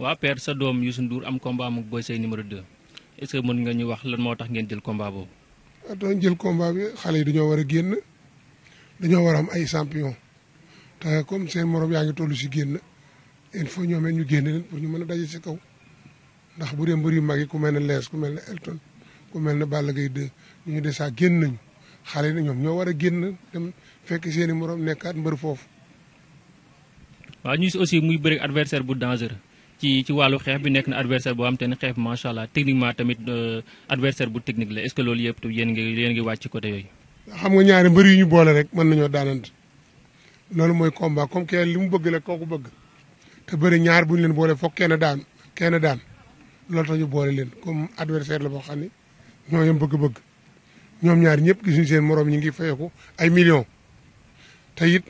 wa père sa dom Youssou Ndour am combat am Boy say numéro 2 est ce que mën nga ñu wax lan moo tax ngeen jël combat boobu. Ah, do jël combat bi xalé yi dañu wara genn dañu wara am ay champion ta comme seen morom yaangi tollu ci genn il faut ñoom ñu genn len pour ñu mëna dajé ci kaw ndax bu dee mbër yu magi ku melni les ku melni Elton ku melni ne Balla Gaye 2 ñu ñu desaa genn nañu xalé yi ñom ñoo wara genn dem fekk seen morom nekkat mbeur fofu wa ñu aussi muy bëre adversaire bu dangereux. ci ci wàllu xeex bi nekk na adversaire boo xam te ne xeex bi macha allah techniquement tamit euh, adversaire bu technique la est ce que loolu yëpp yéen ngi yéen ngi wàcc ci côté yooyu. xam nga ñaari mbër yu ñu boole mën nañoo daanante loolu mooy combat comme li mu bëgg la kooku bëgg bëri ñaar bu leen boole foog kenn daan kenn daan loolu tax ñu boole leen comme adversaire la boo xam ne ñoo yem bëgg-bëgg ñoom ñaar ñëpp seen morom ñu ngi fayeku ay millions te it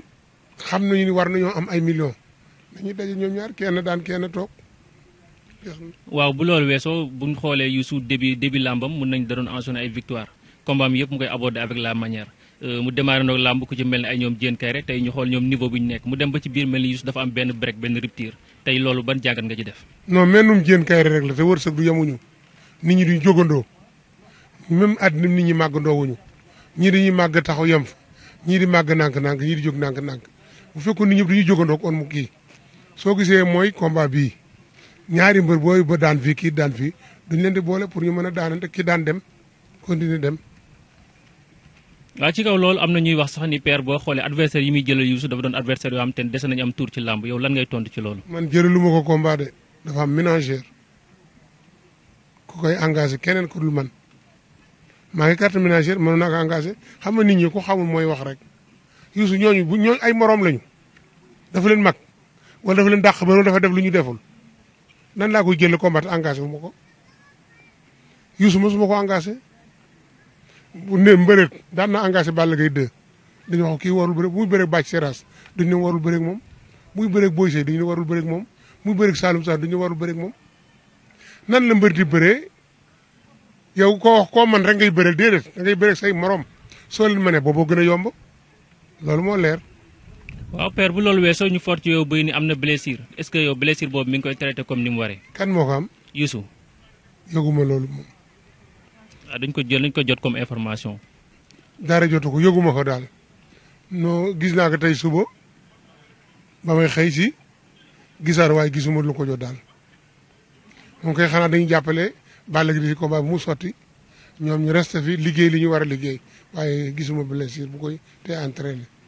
xam nañu ni war nañoo am ay millions dañuy daje ñoom ñaar kenn daan kenn toog. waaw bu loolu weesoo buñ xoolee Youssou début début làmbam mun nañ daroon enchaîner ay victoire combat am yëpp mu koy aborder avec la manière euh, mu démarré nag làmb ku ci mel ne ay ñoom rek te tey ñu xool ñoom niveau bi ñu nekk mu dem ba ci biir mel ni Youssou dafa am benn break benn rupture tey loolu ban jàngat nga ci def non mennum Diène Kairé rek la te wërsëg du yemuñu nit ñi duñ jógandoo même at nim nit ñi màggandoo wuñu ñii dañuy màgg taxaw yem fa ñii di màgg nànk-nànk ñii di jóg nànk-nànk bu fekkoon nit ñëpp dañuy jógandoo kon mu kii soo gisee mooy combat bii ñaari mbër booy ba daan fii kii daan fii duñ leen di boole pour ñu mën a daanante kii daan dem continuer dem. waaw ci kaw loolu am na ñuy wax sax ni père boo xoolee adversaire yi muy jëlal Youssou dafa doon adversaire yoo xam te ne dese nañu am tour ci làmb yow lan ngay tontu ci loolu. man jëlaluma ko combat de dafa am ménagère ku koy engagé keneen ku dul man maa ngi carte ménagère mënoon naa ko engagé xam nga nit ñi ku xamul mooy wax rek Youssou ñooñu bu ñooñu ay morom lañu dafa leen mag wala dafa leen dàq ba loolu def lu ñu nan laa ko jël combattre engagé wu ma ko Youssou mosuma ko engagé bu ne mbëreeg daan na engagé Balla Gaye 2 dañu wax kii warul bëreeg muy bëreeg Bathie Seras dañu ne warul bëreeg moom muy bëreeg Boy Sey dañu ne warul bëreeg moom muy bëreeg Saloum sax dañu ne warul bëreeg moom nan la mbër di bëree yow ko wax koo man rek ngay bëreel déedéet da ngay bëreel say morom soo leen mënee booboo gën a yomb loolu moo leer waaw père bu loolu weesoo ñu fort yow bëy ni am na blessure est-ce que yow blessure boobu mi ngi koy traité comme ni mu waree. kan moo ko am. Youssou. yëguma loolu moom. ah dañ ko jël dañ ko jot comme information. daara jotu ko yëguma ko daal non gis naa ko tey suba ba may xëy si gisaar waaye gisuma lu ko jot daal moom koy xanaa dañu jàppale Balla Gaye bi si combat bu mu sotti ñoom ñu resté fi liggéey li ñu war a liggéey waaye gisuma blessure bu koy te entraîné.